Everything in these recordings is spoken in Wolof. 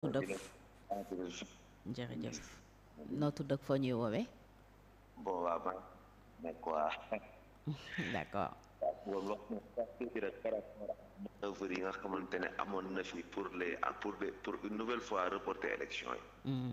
jërëjëf noo fa ak foo ñuy woowee. bon waaw man nekk waa. d'accord. loolu manœuvre yi nga ne amoon na fi pour les pour pour une nouvelle fois reporter élection yi. Mm.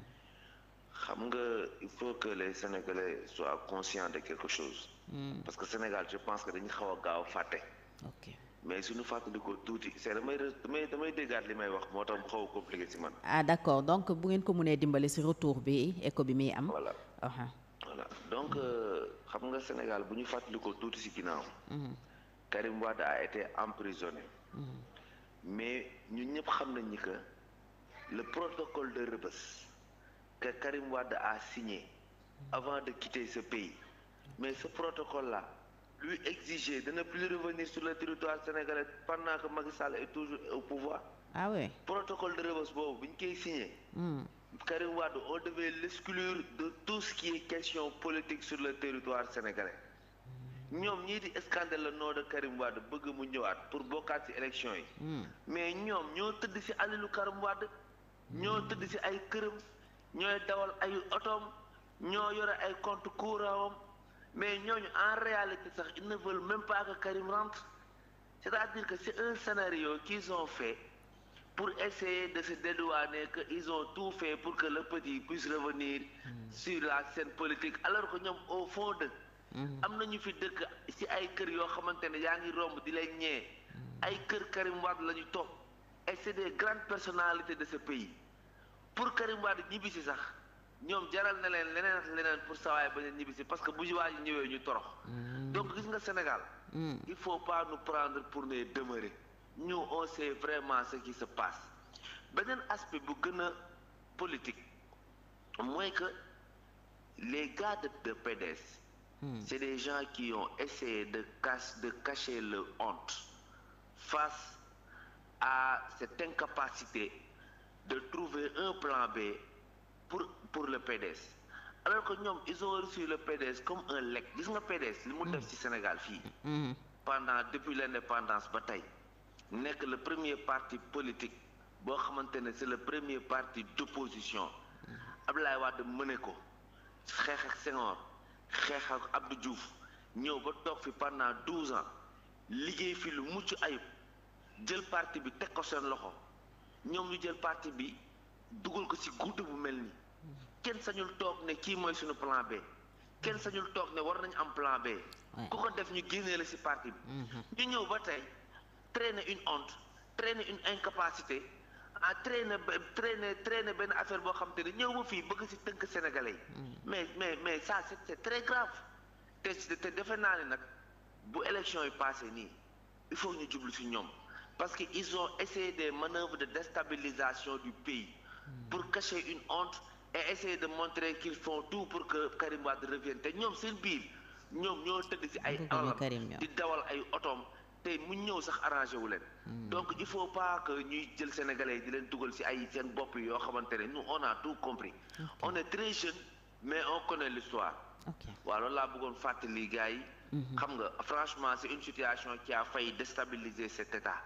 xam nga il faut que les Sénégalais soient conscients de quelque chose. Mm. parce que Sénégal je pense que dañu xaw gaaw fàtte. ok. mais suñu fàttalikoo tuuti c'est damay damay damay déggaat li may wax moo tax mu xaw a compliqué si man. ah d'accord donc bu ngeen ko mënee dimbali si retour bi écho bi muy am. voilà uh-huh. donc euh, xam nga Sénégal bu ñu fàttalikoo tuuti si ginnaaw. Mm-hmm. Karim Wade a été emprisonné. Mm-hmm. mais ñun ñëpp xam nañ ni que le protocole de Rebeuss que Karim Wade a signé avant de quitter ce pays mais ce protocole là. lui exiger de plus revenir sur le territoire sénégalais pendant que Macky Sall toujours au pouvoir. Ah protocole de Rebeuss boobu bu ñu koy signé. Hmm. Karim Wade on devait l'exclure de tout ce politique sur le territoire sénégalais ñoom ñii di scandale le nom de Karim Wade bëgg mu ñëwaat pour bokkaat ci élection yi. Hmm. mais ñoom ñoo tëdd ci alalu Karim Wade. ñoo tëdd ci ay këram ñooy dawal ay otoom ñoo yore ay compte courant mais ñooñu en réalité sax ils ne même pas que Karim rentre c'est-à-dire que c'est un scénario qu'ils ont fait pour essayer de se dédouaner que ils ont tout fait pour que le petit puisse revenir mm. sur la seen politique alors que ñoom au fond de hmm. am na ñu fi dëkk ci ay kër yoo xamante ne yaa ngi romb di lay ñee hmm. ay kër Karim Wade la ñu topp et c'est des grandes personnalités de ce pays pour Karim Wade ñibbisi sax ñoom jaral na leen leneen ak leneen pour sawaay ba ñu ñibbisi parce que bu jiwaay yi ñëwee ñu torox. Mm. donc gis nga Sénégal. Mm. il faut pas nous prendre pour nous demeurer ñu on sait vraiment ce qui se passe beneen aspect bu gën a politique mooy que les gars de PDS. Mm. c'est des gens qui ont essayé de cacher de cacher leur honte face à cette incapacité de trouver un plan bi pour pour le PDS alors que ñoom ison ont reçu le PDS comme un legs gis nga PDS li mu def ci Sénégal fii mm-hmm. pendant depuis l'indépendance ba tey nekk la premier parti politique boo xamante ne c'est le premier parti d'opposition Abdoulaye Wade mëne ko xeex ak Senghor xeex ak Abdou Diouf ñëw ba toog fi pendant douze ans liggéey fi lu mucc ayib jël parti bi teg ko seen loxo ñoom ñu jël parti bi dugal ko ci gudd bu mel nii kenn sañul toog ne kii mooy suñu plan B kenn sañul toog ne war nañu am plan B ku ko def ñu génnee la ci parti bi mm-hmm. ñu ñëw ba tey traîner une honte ne une incapacité ah ne traîner traîner benn affaire boo xam ne ñëw ba fii bëgg ci tënk sénégalais yi mm-hmm. mais mais mais ça c'est c'est très grave te te defe naa ne nag bu élection yi passé nii il faut ñu jublu fi ñoom parce que ils ont essayé des manœuvres de déstabilisation du pays pour cacher une honte et essayer de montrer qu'ils font tout pour que Karim Wade revienne te ñoom seen biir ñoom ñoo tëdd ci ay alalam di dawal ay otoom tey mu ñëw sax arrangé wu leen hmm. donc il faut pas ñuy jël sénégalais di leen dugal ci ay seen bopp yoo xamante ne ñu on a tout compris okay. on est très jeune mais on connaît l'histoire waaw loolu laa bëggoon fàttali gars yi Mm-hmm. xam nga franchement c'est une situation qui a failli déstabiliser cet état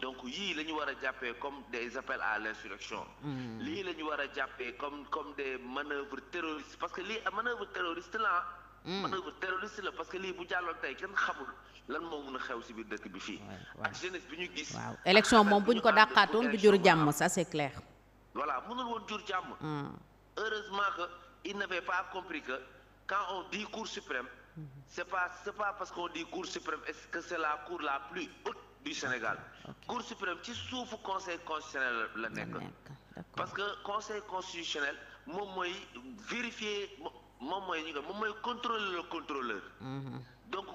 donc yii la ñu war a jàppee comme des appels à l'insurrection mm-hmm. lii la ñu war a jàppee comme comme des manœuvres terroristes parce que lii manœuvre terroriste la ah. mm. manœuvre terroriste la parce que lii bu jàlloon tey kenn xamul lan moo mën a xew ci biir dëkk bi fii ak jeunesse bi ñu gis waaw élection moom ñu ko dàqaatoon du jur jàmm ça c'est voilà mënul woon jur jàmm mm. heureusement que que quand on dit Cour suprême c'est pas c'est pas parce qu'on dit cour suprême est-ce que c'est la cour la plus haute du Sénégal okay. cour suprême ci suufu conseil constitutionnel la nekk parce que conseil constitutionnel moom mooy vérifier moom mooy ñu ko moom mooy contrôler le contrôleur mm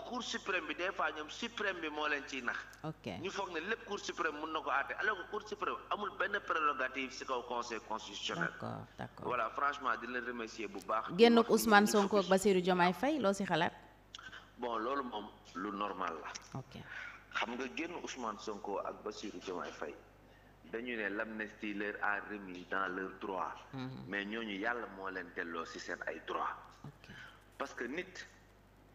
cour suprême bi des fois ñoom suprême bi moo leen ciy nax. ok ñu foog ne lépp cour suprême mun na ko àtte alors que cour suprême amul benn prérogative si kaw conseil constitutionnel. d'accord d'accord voilà franchement di leen remercier bu baax. génn ko Sonko ak Bassirou Diomaye Faye loo si xalaat. bon loolu moom lu normal la. ok xam nga génn Ousmane Sonko ak Bassirou Diomaye Faye dañu ne l'amnistie leur a remis dans leur droit. Mhm. mais ñooñu yàlla moo leen delloo si seen ay droit.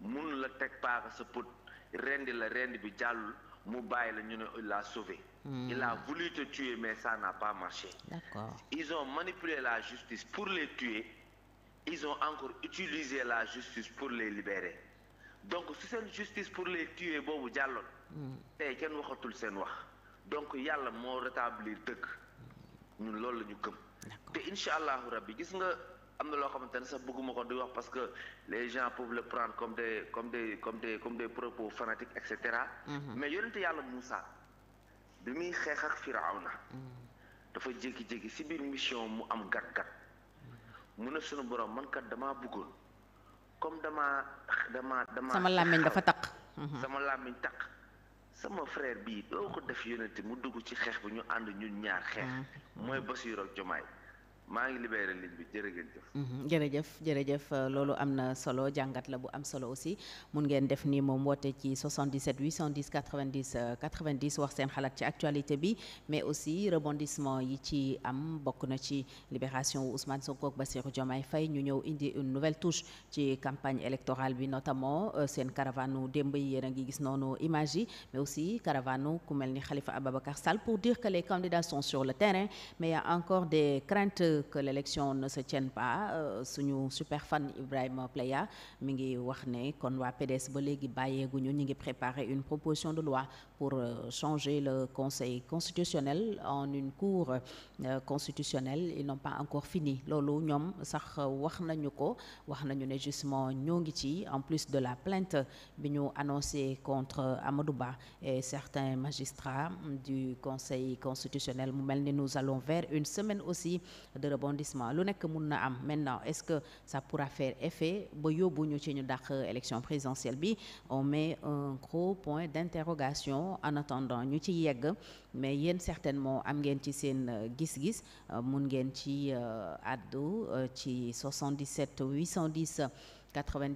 mun la teg paaka sa put rendi la rendi bi jàllul mu bàyyi la ñu ne il a sauvé. Hmm. il a voulu te tuer mais ça n'a pas marché. D'accord. ils ont manipulé la justice pour les tuer ils ont encore utiliser la justice pour les libérer donc su seen justice pour les tuer boobu jàlloon. Hmm. tey kenn waxatul seen wax donc yàlla moo rétablir dëgg hmm. ñun loolu la ñu te incha allahu rabbi gis nga. am na loo xamante ne sax bëgguma ko di wax parce que les gens peuvent le prendre comme des comme des comme des comme propos fanatiques et cetera. Mm-hmm. mais yonente yàlla Moussa bi muy xeex ak Firawna mm-hmm. dafa jékki-jékki si biir mission mu am gat-gat mm-hmm. mu ne sunu borom man kat damaa bëggoon comme dama damaa damaa. sama làmmiñ dafa taq. sama làmmiñ taq sama frère bii doo ko def yonente mu dugg ci xeex bi ñu ànd ñun ñaar xeex. mooy Basiru ak Jomaay. maa ngi libéré ligne bi jërë jëf. Mhm, jërëjëf jërëjëf euh, loolu am na solo jàngat la bu am solo aussi mun ngeen def ni moom woote ci 77 810 90 90 wax seen xalaat ci actualité bi mais aussi rebondissement yi ci am bokk na ci libération wu Ousmane Sonko ak Bassirou Diomaye Faye ñu ñëw indi une nouvelle touche ci campagne électorale bi notamment euh, seen caravane démb yi yéen a ngi gis noonu image yi mais aussi caravane ku mel ni Khalifa Ababacar Sall pour dire que les candidats sont sur souhaite que l'élection ne se tienne pas euh, suñu super fan Ibrahima Pleya mi ngi wax ne kon waa PDS ba léegi bàyyeeguñu ñu ngi préparer une proposition de loi pour euh, changer le conseil constitutionnel en une cour euh, constitutionnelle ils n'ont pas encore fini loolu ñoom sax wax nañu ko wax nañu ne justement ñoo ngi ci en plus de la plainte bi ñu annoncé contre Amadou Ba et certains magistrats du conseil constitutionnel mu mel ni nous allons vers une semaine aussi de rebondissement lu nekk mun na am maintenant est-ce que ça pour faire effet ba yóbbu ñu ci ñu dàq élection présidentielle bi on mais un gros point d'interrogation en attendant ñu ci yegg mais yéen certainement am ngeen ci seen euh, gis-gis euh, mun ngeen ci àddu euh, ci 77 810. 90